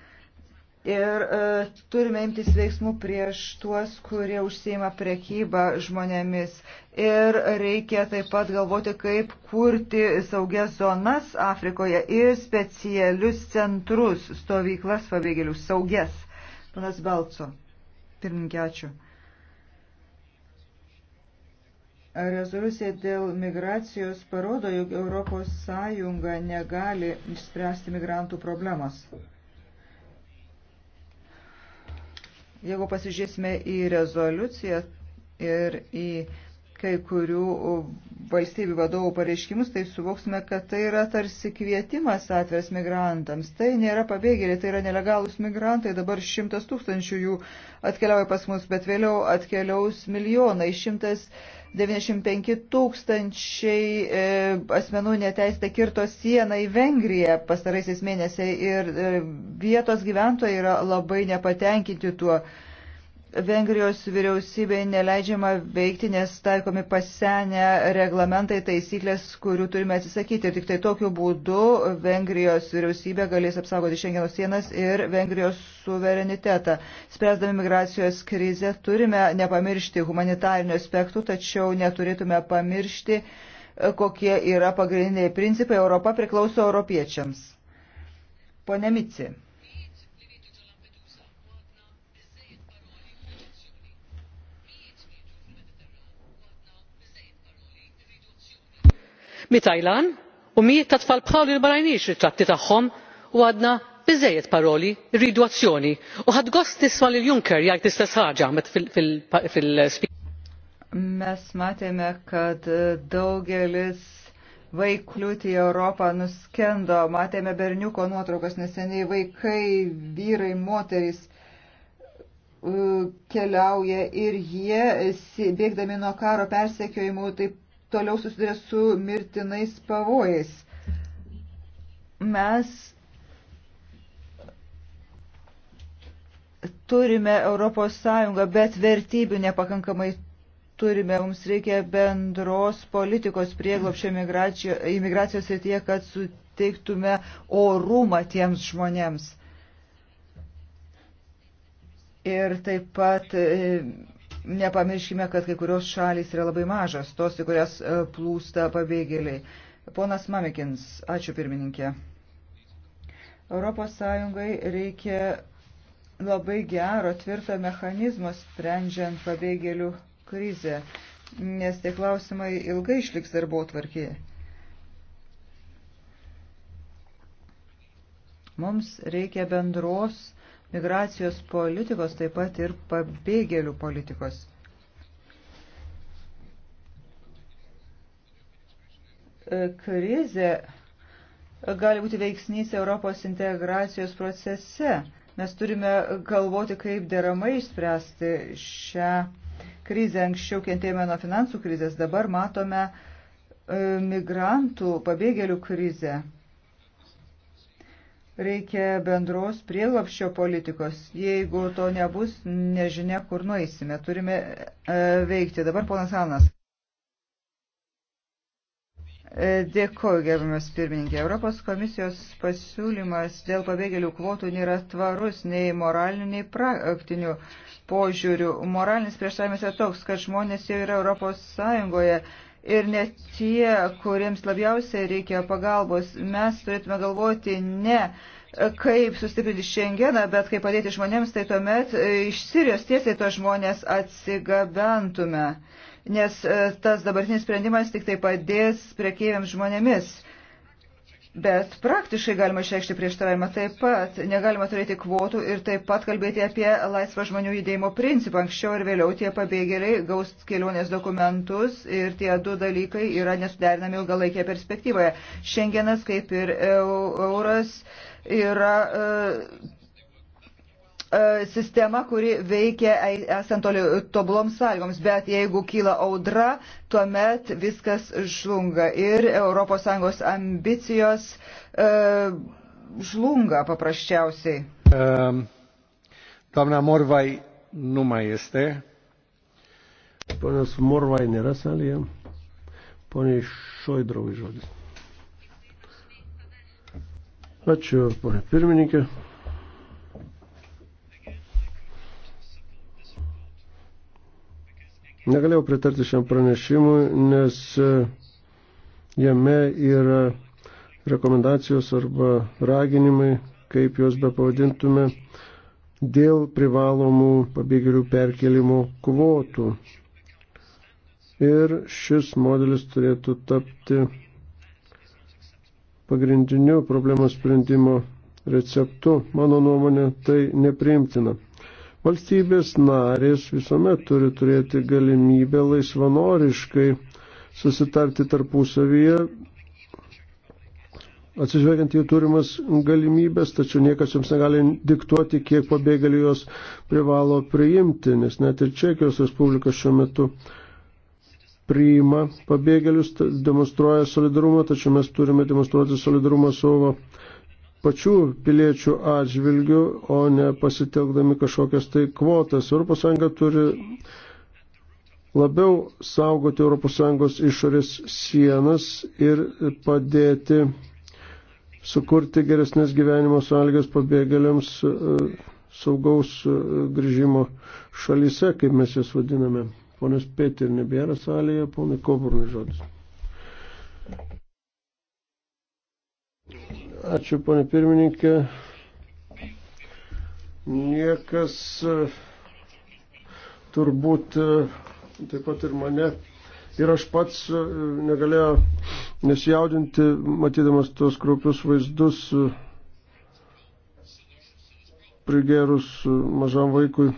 ir e, turime imtis veiksmų prieš tuos, kurie užsieima prekybą žmonėmis. Ir reikia taip pat galvoti, kaip kurti saugias zonas Afrikoje ir specialius centrus, stovyklas pabėgėlių, saugias. Panas Balco, pirmininkė, ačiū. Rezoliucija dėl migracijos parodo, jog ES negali išspręsti migrantų problemos. Jeigu pasižiūrėsime į rezoliuciją ir į kai kurių valstybių vadovų pareiškimus, tai suvoksime, kad tai yra tarsi kvietimas atviras migrantams. Tai nėra pabėgėliai, tai yra nelegalūs migrantai. Dabar šimtas tūkstančių jų atkeliauja pas mus, bet vėliau atkeliaus milijonai. Šimtas 95 tūkstančiai e, asmenų neteisėtai kirto sieną į Vengriją pastaraisiais mėnesiais ir e, vietos gyventojai yra labai nepatenkinti tuo. Vengrijos vyriausybė neleidžiama veikti, nes taikomi pasenę reglamentai, taisyklės, kurių turime atsisakyti. Ir tik tai tokiu būdu Vengrijos vyriausybė galės apsaugoti Šengeno sienas ir Vengrijos suverenitetą. Spręsdami migracijos krizę turime nepamiršti humanitarinių aspektų, tačiau neturėtume pamiršti, kokie yra pagrindiniai principai. Europa priklauso europiečiams. Pone Mici. mitailan u mijiet ta' tfal bħalu li ma rajniex ritratti tagħhom u għadna biżżejjed paroli rridu azzjoni u ħadt gost nisma' lil juncker jgħid l-istess ħaġa fil-speech. Mes matėme, kad daugelis vaikliūtį Europą nuskendo, matėme berniuko nuotraukos neseniai, vaikai, vyrai, moterys keliauja ir jie, bėgdami nuo karo persekiojimų, taip toliau susiduria su mirtinais pavojais. Mes turime Europos Sąjungą, bet vertybių nepakankamai turime. Mums reikia bendros politikos prieglopščio imigracijos srityje, kad suteiktume orumą tiems žmonėms. Ir taip pat e, Nepamirškime, kad kai kurios šalys yra labai mažas, tos, į kurias e, plūsta pabėgėliai. Ponas Mamikins, ačiū pirmininkė. Europos Sąjungai reikia labai gero, tvirto mechanizmo sprendžiant pabėgėlių krizę, nes tie klausimai ilgai išliks darbo tvarkėje. Mums reikia bendros migracijos politikos, taip pat ir pabėgėlių politikos. E, krizė gali būti veiksnys Europos integracijos procese. Mes turime galvoti, kaip deramai išspręsti šią krizę. Anksčiau kentėjome nuo finansų krizės, dabar matome e, migrantų pabėgėlių krizę. Reikia bendros prieglapščio politikos. Jeigu to nebus, nežinia, kur nueisime. Turime e, veikti. Dabar ponas Hanas. E, Dėkuoju, gerbiamas pirmininkė. Europos komisijos pasiūlymas dėl pabėgėlių kvotų nėra tvarus nei moralinių, nei praktinių požiūrių. Moralinis prieštavimas yra toks, kad žmonės jau yra Europos Sąjungoje ir ne tie, kuriems labiausiai reikia pagalbos. Mes turėtume galvoti ne e, kaip sustiprinti šiandieną, bet kaip padėti žmonėms, tai tuomet iš Sirijos tiesiai tos žmonės atsigabentume, nes e, tas dabartinis sprendimas tik tai padės priekeiviams žmonėmis. Bet praktiškai galima išreikšti prieštaravimą taip pat. Negalima turėti kvotų ir taip pat kalbėti apie laisvą žmonių judėjimo principą. Anksčiau ir vėliau tie pabėgėliai gaus kelionės dokumentus ir tie du dalykai yra nesuderinami ilgalaikėje perspektyvoje. Šengenas kaip ir euras yra. E, E, sistema, kuri veikia e, esant tobuloms sąlygoms, bet jeigu kyla audra, tuomet viskas žlunga ir ES ambicijos e, žlunga paprasčiausiai. Doamna Morvai nu mai este. Ponas Morvai nėra salėje. Pone Šoidrovai žodis. Ačiū, ponė pirmininkė. Negalėjau pritarti šiam pranešimui, nes e, jame yra rekomendacijos arba raginimai, kaip juos be pavadintume, dėl privalomų pabėgėlių perkelimo kvotų. Ir šis modelis turėtų tapti pagrindiniu problemos sprendimo receptu. Mano nuomonė, tai nepriimtina. Valstybės narės visuomet turi turėti galimybę laisvanoriškai susitarti tarpusavyje, atsižvelgiant jų turimas galimybės, tačiau niekas jums negali diktuoti, kiek pabėgėlių jos privalo priimti, nes net ir Čekijos Respublika šiuo metu priima pabėgėlius, demonstruoja solidarumą, tačiau mes turime demonstruoti solidarumą savo pačių piliečių atžvilgių, o ne pasitelkdami kažkokias tai kvotas. ES turi labiau saugoti ES išorės sienas ir padėti sukurti geresnės gyvenimo sąlygas pabėgėliams e, saugaus e, grįžimo šalyse, kaip mes jas vadiname. Ponas Petir nebėra salėje, ponai Koburnai žodis. Ačiū, ponė pirmininkė. Niekas turbūt taip pat ir mane. Ir aš pats e, negalėjau nesijaudinti, matydamas tos kraupius vaizdus, prigerus mažam vaikui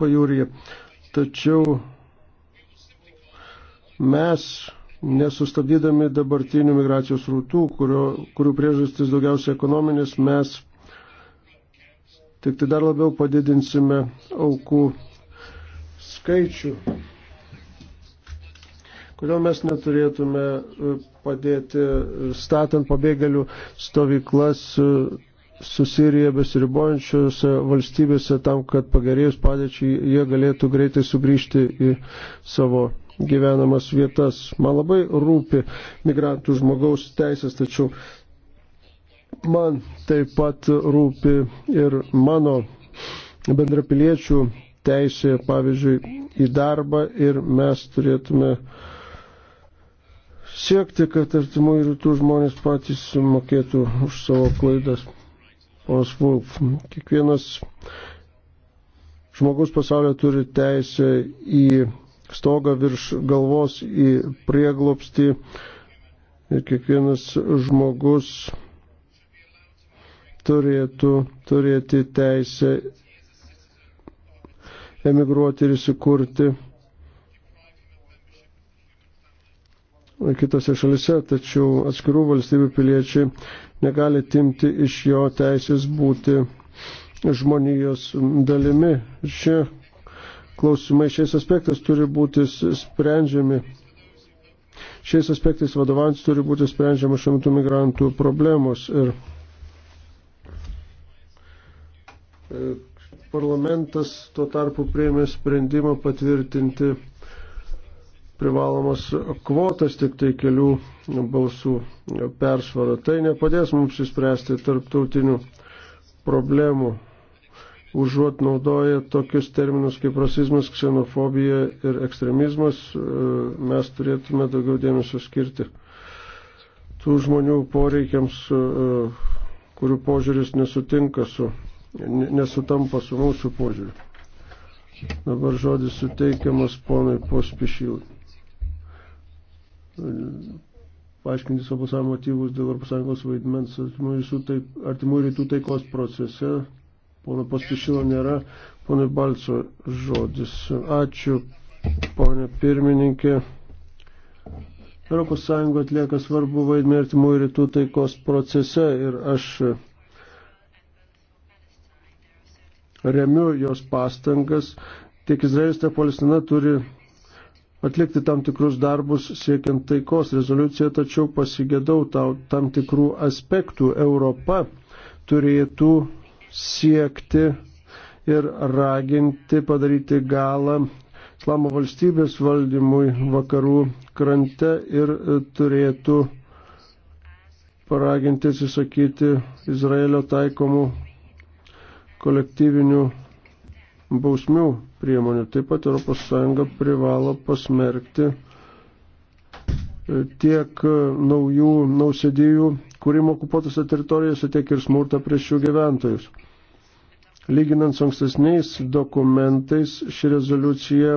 pajūryje. Tačiau mes nesustabdydami dabartinių migracijos rūtų, kurio, kurių priežastis daugiausiai ekonominis, mes tik tai dar labiau padidinsime aukų skaičių. Kodėl mes neturėtume e, padėti statant pabėgėlių stovyklas e, su Sirija besiribojančiose valstybėse tam, kad pagerėjus padėčiai jie galėtų greitai sugrįžti į savo gyvenamas vietas. Man labai rūpi migrantų žmogaus teisės, tačiau man taip pat rūpi ir mano bendrapiliečių teisė, pavyzdžiui, į darbą ir mes turėtume siekti, kad artimųjų rytų žmonės patys sumokėtų už savo klaidas. Ponas Vulf, kiekvienas žmogus pasaulio turi teisę į stogą virš galvos į prieglopstį ir kiekvienas žmogus turėtų turėti teisę emigruoti ir įsikurti kitose šalise, tačiau atskirų valstybių piliečiai negali timti iš jo teisės būti žmonijos dalimi. Šie klausimai šiais aspektais turi būti sprendžiami. Šiais aspektais vadovaujantis turi būti sprendžiama šiuo metu migrantų problemos. Ir e, parlamentas tuo tarpu prieimė sprendimą patvirtinti privalomas kvotas tik tai kelių balsų persvarą. Tai nepadės mums įspręsti tarptautinių problemų užuot naudoję tokius terminus kaip rasizmas, ksenofobija ir ekstremizmas, e, mes turėtume daugiau dėmesio skirti tų žmonių poreikiams, e, kurių požiūris nesutinka su, nesutampa su mūsų požiūriu. Dabar žodis suteikiamas ponui pospišylui. Paaiškinti savo motyvus dėl Europos Sąjungos vaidmens artimų rytų taikos procese Pono Paspišilo nėra, pono Balco žodis. Ačiū, ponė pirmininkė. ES atlieka svarbu vaidmenį artimų rytų taikos procese ir aš remiu jos pastangas. Tiek Izraelis, tiek Palestina turi atlikti tam tikrus darbus siekiant taikos rezoliuciją, tačiau pasigėdau tam tikrų aspektų. Europa turėtų siekti ir raginti padaryti galą islamo valstybės valdymui vakarų krante ir e, turėtų paraginti atsisakyti Izraelio taikomų kolektyvinių bausmių priemonių. Taip pat ES privalo pasmerkti tiek naujų nausėdijų kūrimo okupuotose teritorijose, tiek ir smurtą prieš jų gyventojus. Lyginant su ankstesniais dokumentais, ši rezoliucija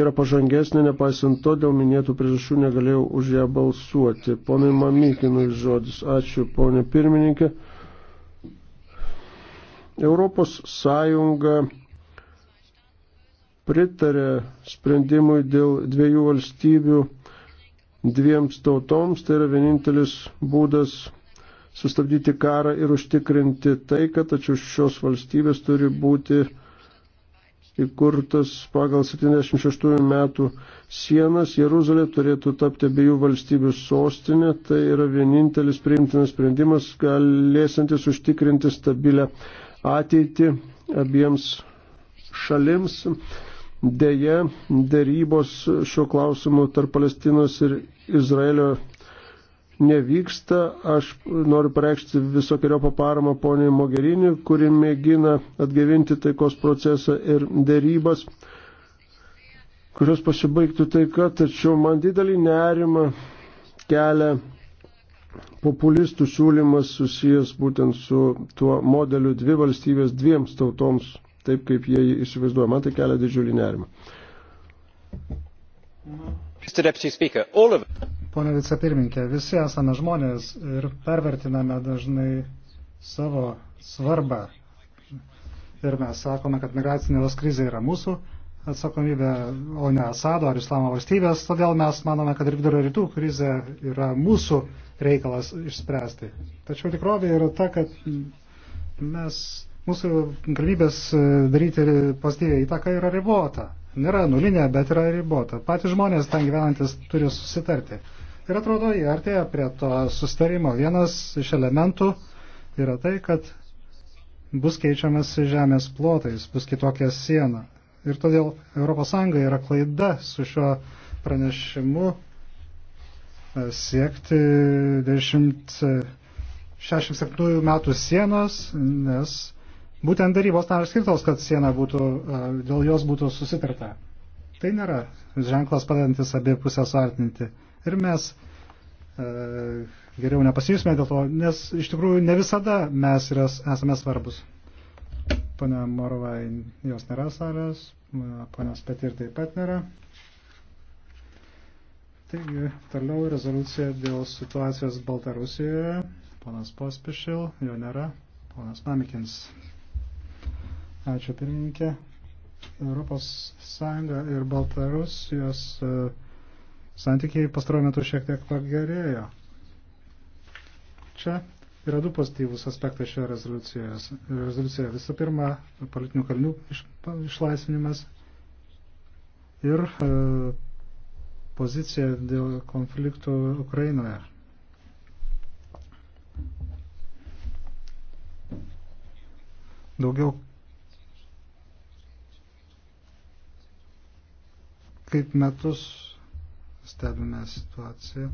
yra pažangesnė, nepaisant to, dėl minėtų priežasčių negalėjau už ją balsuoti. Ponai Mamykinui žodis. Ačiū, ponė pirmininkė. Europos Sąjunga pritarė sprendimui dėl dviejų valstybių dviems tautoms, tai yra vienintelis būdas sustabdyti karą ir užtikrinti taiką, tačiau šios valstybės turi būti įkurtas pagal 76 metų sienas, Jeruzalė turėtų tapti abiejų valstybių sostinė, tai yra vienintelis priimtinas sprendimas, galėsantis užtikrinti stabilę ateitį abiems šalims. Deja, dėrybos šiuo klausimu tarp Palestinos ir Izraelio nevyksta. Aš noriu pareikšti visokiojo paparamą poniai Mogherini, kuri mėgina atgevinti taikos procesą ir dėrybas, kurios pasibaigtų taika, tačiau man didelį nerimą kelia populistų siūlymas susijęs būtent su tuo modeliu dvi valstybės dviems tautoms taip, kaip jie įsivaizduoja. Man tai kelia didžiulį nerimą. Pone vicepirminkė, visi esame žmonės ir pervertiname dažnai savo svarbą. Ir mes sakome, kad migracinės krizė yra mūsų atsakomybė, o ne Asado ar Islamo valstybės. Todėl mes manome, kad ir vidurio rytų krizė yra mūsų reikalas išspręsti. Tačiau tikrovė yra ta, kad mes Mūsų galimybės e, daryti pozityvę įtaką yra ribota. Nėra nulinė, bet yra ribota. Patys žmonės ten gyvenantis turi susitarti. Ir atrodo, jie artėja prie to sustarimo. Vienas iš elementų yra tai, kad bus keičiamas žemės plotais, bus kitokia siena. Ir todėl ES yra klaida su šiuo pranešimu e, siekti 67 e, metų sienos, nes Būtent darybos tam ir skirtos, kad siena būtų, e, dėl jos būtų susitarta. Tai nėra ženklas padantis abi pusės artinti. Ir mes e, geriau nepasijusime dėl to, nes iš tikrųjų ne visada mes yra, esame svarbus. Pane Morovai, jos nėra salės, ponios Petir taip pat nėra. Taigi, toliau rezoliucija dėl situacijos Baltarusijoje. Ponas Pospišil, jo nėra. Ponas Mamikins. Ačiū pirmininkė. Europos Sąjunga ir Baltarusijos e, santykiai pastaruoju metu šiek tiek pagerėjo. Čia yra du pozityvus aspektai šioje rezoliucijoje. Visų pirma, politinių kalnių iš, išlaisvinimas ir e, pozicija dėl konfliktų Ukrainoje. Daugiau kaip metus stebime situaciją.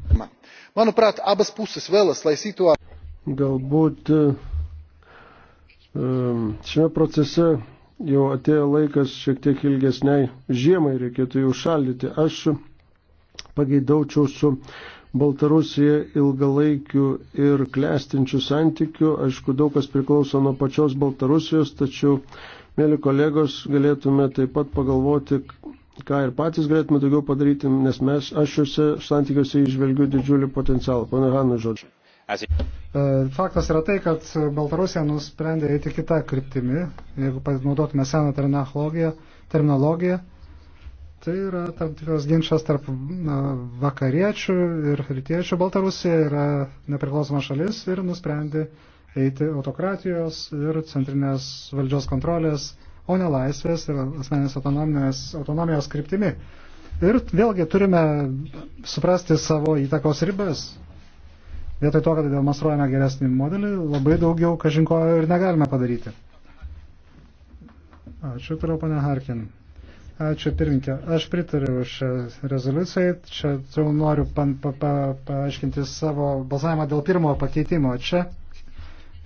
Manuprāt, abas puses vēlas, lai situācija. Galbūt šiame procese jau atėjo laikas šiek tiek ilgesniai žiemai reikėtų jau šaldyti. Aš pageidaučiau su Baltarusija ilgalaikių ir klestinčių santykių. Aišku, daug kas priklauso nuo pačios Baltarusijos, tačiau, mėly kolegos, galėtume taip pat pagalvoti, ką ir patys galėtume daugiau padaryti, nes mes, aš šiuose santykiuose išvelgiu didžiulį potencialą. Pane Hanu, žodžiu. E, faktas yra tai, kad Baltarusija nusprendė eiti kitą kryptimį, jeigu panaudotume seną terminologiją, terminologiją tai yra tam tikras ginčas tarp vakariečių ir rytiečių. Baltarusija yra nepriklausoma šalis ir nusprendė eiti autokratijos ir centrinės valdžios kontrolės o ne laisvės ir asmenės autonomijos, autonomijos kryptimi. Ir vėlgi turime suprasti savo įtakos ribas. Vietoj to, kad demonstruojame geresnį modelį, labai daugiau kažinko ir negalime padaryti. Ačiū, turiu pane Harkin. Ačiū pirminkė. Aš pritariu šią rezoliuciją. Čia jau noriu pa, pa, pa, paaiškinti savo balsavimą dėl pirmo pakeitimo. Čia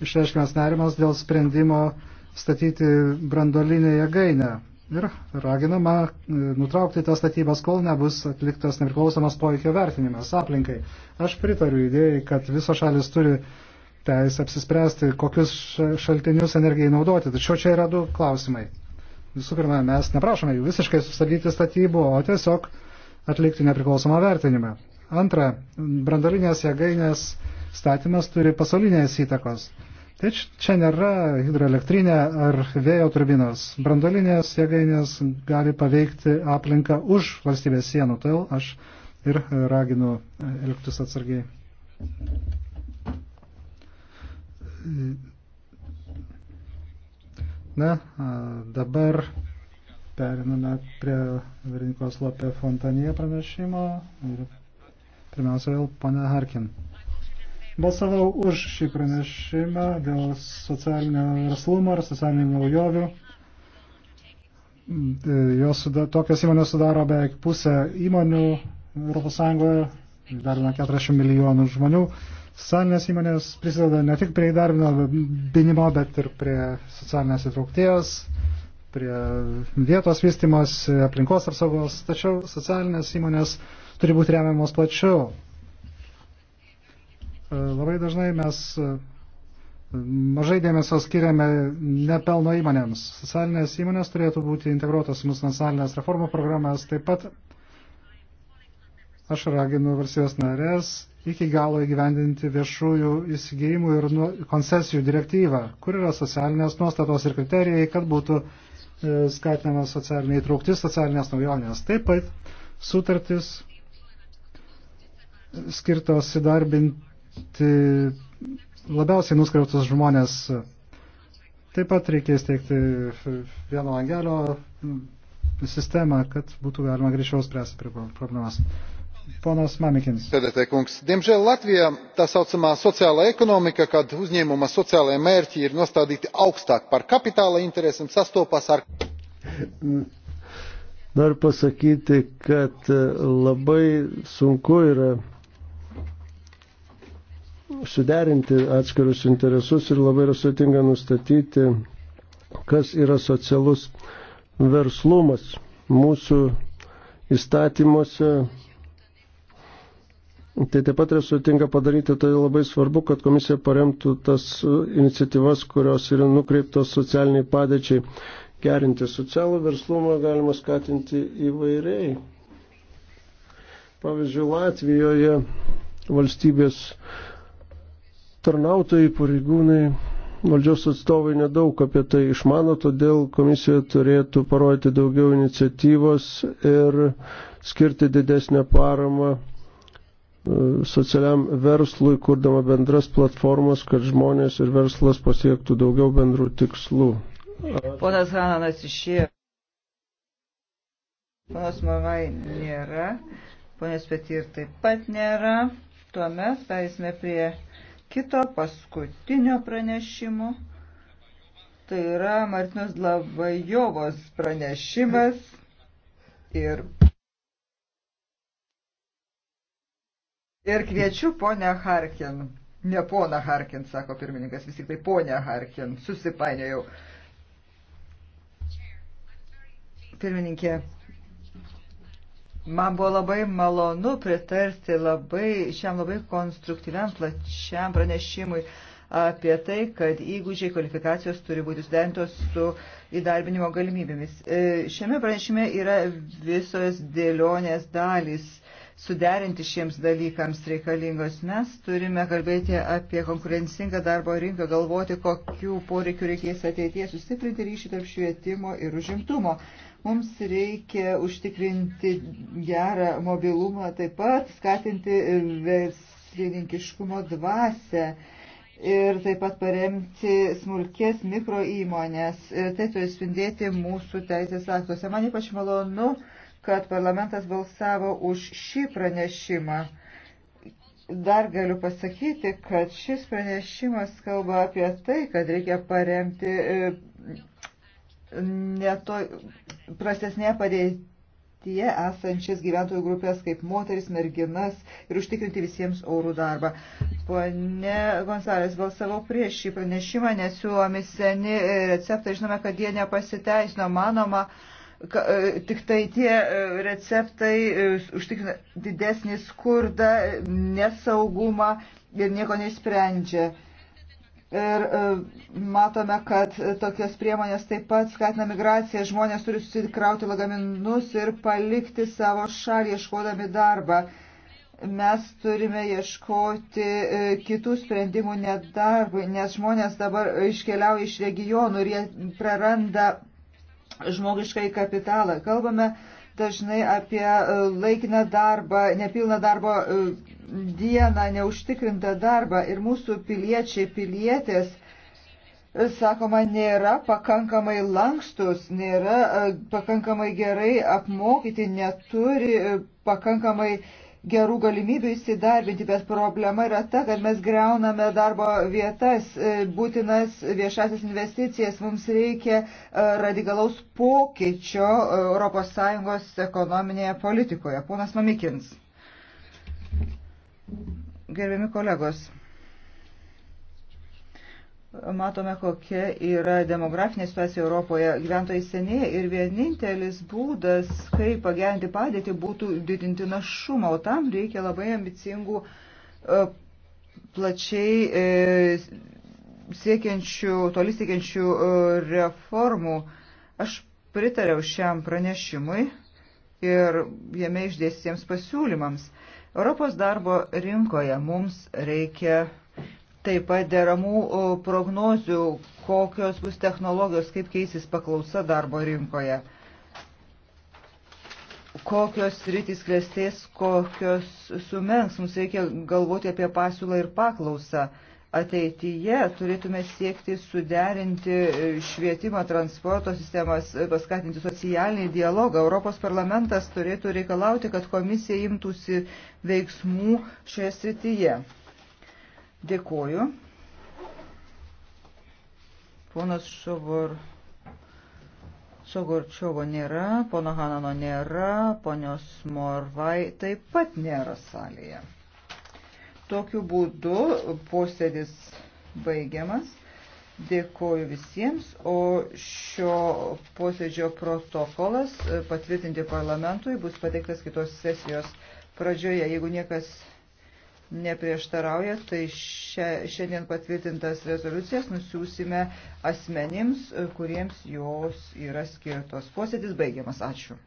išreiškimas nerimas dėl sprendimo statyti brandolinę jėgainę ir raginama e, nutraukti tas statybas, kol nebus atliktas nepriklausomas poveikio vertinimas aplinkai. Aš pritariu idėjai, kad visos šalis turi teisę apsispręsti, kokius šaltinius energijai naudoti. Tačiau čia yra du klausimai. Visų pirma, mes neprašome jų visiškai sustabdyti statybų, o tiesiog atlikti nepriklausomą vertinimą. Antra, brandalinės jėgainės statymas turi pasaulinės įtakos. Tai čia nėra hidroelektrinė ar vėjo turbinos. Brandolinės jėgainės gali paveikti aplinką už valstybės sienų, todėl aš ir raginu elgtis atsargiai. Na, dabar periname prie Verinkos Lopė Fontanie pranešimo ir pirmiausia vėl pane Harkin. Balsavau už šį pranešimą dėl socialinio verslumo ir socialinių naujovių. Jos, tokios įmonės sudaro beveik pusę įmonių ES, dar 40 milijonų žmonių. Socialinės įmonės prisideda ne tik prie įdarbino binimo, bet ir prie socialinės įtraukties, prie vietos vystimos, aplinkos apsaugos. Tačiau socialinės įmonės turi būti remiamos plačiau E, labai dažnai mes e, mažai dėmesio skiriame nepelno įmonėms. Socialinės įmonės turėtų būti integruotos į mūsų nacionalinės reformų programas. Taip pat aš raginu valstybės narės iki galo įgyvendinti viešųjų įsigijimų ir koncesijų direktyvą, kur yra socialinės nuostatos ir kriterijai, kad būtų e, skatinama socialinė įtrauktis, socialinės naujonės. Taip pat sutartis skirtos įdarbinti Tai labiausiai nuskriautus žmonės. Taip pat reikia įsteigti vieno angelio sistemą, kad būtų galima greičiau spręsti problemas. Ponas Mamikins. Diemžēl Latvijā tā saucamā sociālā ekonomika, kad uzņēmuma sociālajie mērķi ir nostādīti augstāk par kapitāla interesēm, sastopas ar. Noriu pasakyti, kad eh, labai sunku yra suderinti atskirus interesus ir labai yra sudėtinga nustatyti, kas yra socialus verslumas. Mūsų įstatymuose Tai taip pat yra sutinka padaryti, tai labai svarbu, kad komisija paremtų tas iniciatyvas, kurios yra nukreiptos socialiniai padėčiai gerinti. Socialų verslumą galima skatinti įvairiai. Pavyzdžiui, Latvijoje valstybės tarnautojai, pareigūnai, valdžios atstovai nedaug apie tai išmano, todėl komisija turėtų parodyti daugiau iniciatyvos ir skirti didesnę paramą e, socialiam verslui, kurdama bendras platformas, kad žmonės ir verslas pasiektų daugiau bendrų tikslų. Ponas Hananas išėjo. Ponas Mavai nėra. Ponės Petir taip pat nėra. Tuomet taisime prie kito paskutinio pranešimo. Tai yra Martinos Lavajovos pranešimas ir, ir kviečiu ponę Harkin. Ne poną Harkin, sako pirmininkas, vis tik tai ponę Harkin, susipainiojau. Pirmininkė, Man buvo labai malonu pritarti labai, šiam labai konstruktyviam plačiam pranešimui apie tai, kad įgūdžiai kvalifikacijos turi būti sudentos su įdarbinimo galimybėmis. E, šiame pranešime yra visos dėlionės dalys suderinti šiems dalykams reikalingos. Mes turime kalbėti apie konkurencingą darbo rinką, galvoti, kokių poreikių reikės ateityje, sustiprinti ryšį tarp švietimo ir užimtumo. Mums reikia užtikrinti gerą mobilumą, taip pat skatinti verslininkiškumo dvasę ir taip pat paremti smulkės mikro įmonės. Ir tai turi spindėti mūsų teisės aktuose. Man ypač malonu kad parlamentas balsavo už šį pranešimą. Dar galiu pasakyti, kad šis pranešimas kalba apie tai, kad reikia paremti e, neto prastesnėje padėtyje esančias gyventojų grupės kaip moteris, merginas ir užtikrinti visiems orų darbą. Pone Gonzalės balsavo prieš šį pranešimą, nes siūlomi seni receptai, žinome, kad jie nepasiteisino, manoma, E, tik tai tie e, receptai e, užtikrina didesnį skurdą, nesaugumą ir nieko neįsprendžia. Ir matome, kad tokios priemonės taip pat skatina migraciją, žmonės turi susikrauti lagaminus ir palikti savo šalį, ieškodami darbą. Mes turime ieškoti kitų sprendimų nedarbui, nes žmonės dabar iškeliauja iš regionų ir jie praranda žmogiškai kapitalą. Kalbame dažnai apie e, laikiną darbą, nepilną darbo e, dieną, neužtikrintą darbą ir mūsų piliečiai, pilietės, e, sakoma, nėra pakankamai lankstus, nėra pakankamai gerai apmokyti, neturi pakankamai gerų galimybių įsidarbinti, bet problema yra ta, kad mes greuname darbo vietas, e, būtinas viešasis investicijas, mums reikia e, radikalaus pokyčio ES ekonominėje politikoje. Ponas Mamikins. Gerbiami kolegos. Matome, kokia yra demografinė situacija Europoje. Gyventojai senėja ir vienintelis būdas, kaip pagerinti padėtį, būtų didinti našumą, o tam reikia labai ambicingų, e, plačiai e, siekiančių, toli siekiančių e, reformų. Aš pritariau šiam pranešimui ir jame išdėstiems pasiūlymams. Europos darbo rinkoje mums reikia taip pat deramų prognozių, kokios bus technologijos, kaip keisis paklausa darbo rinkoje, kokios rytis klestės, kokios sumenks. Mums reikia galvoti apie pasiūlą ir paklausą. Ateityje turėtume siekti suderinti e, švietimo transporto sistemas, e, paskatinti socialinį dialogą. Europos parlamentas turėtų reikalauti, kad komisija imtųsi veiksmų šioje srityje. Dėkuoju. Ponas Šovor. Sogorčiovo nėra, pono Hanano nėra, ponios Morvai taip pat nėra salėje. Tokiu būdu posėdis baigiamas. Dėkoju visiems, o šio posėdžio protokolas patvirtinti parlamentui bus pateiktas kitos sesijos pradžioje. Jeigu niekas neprieštarauja, tai šiandien patvirtintas rezoliucijas nusiūsime asmenims, kuriems jos yra skirtos. Posėdis baigiamas. Ačiū.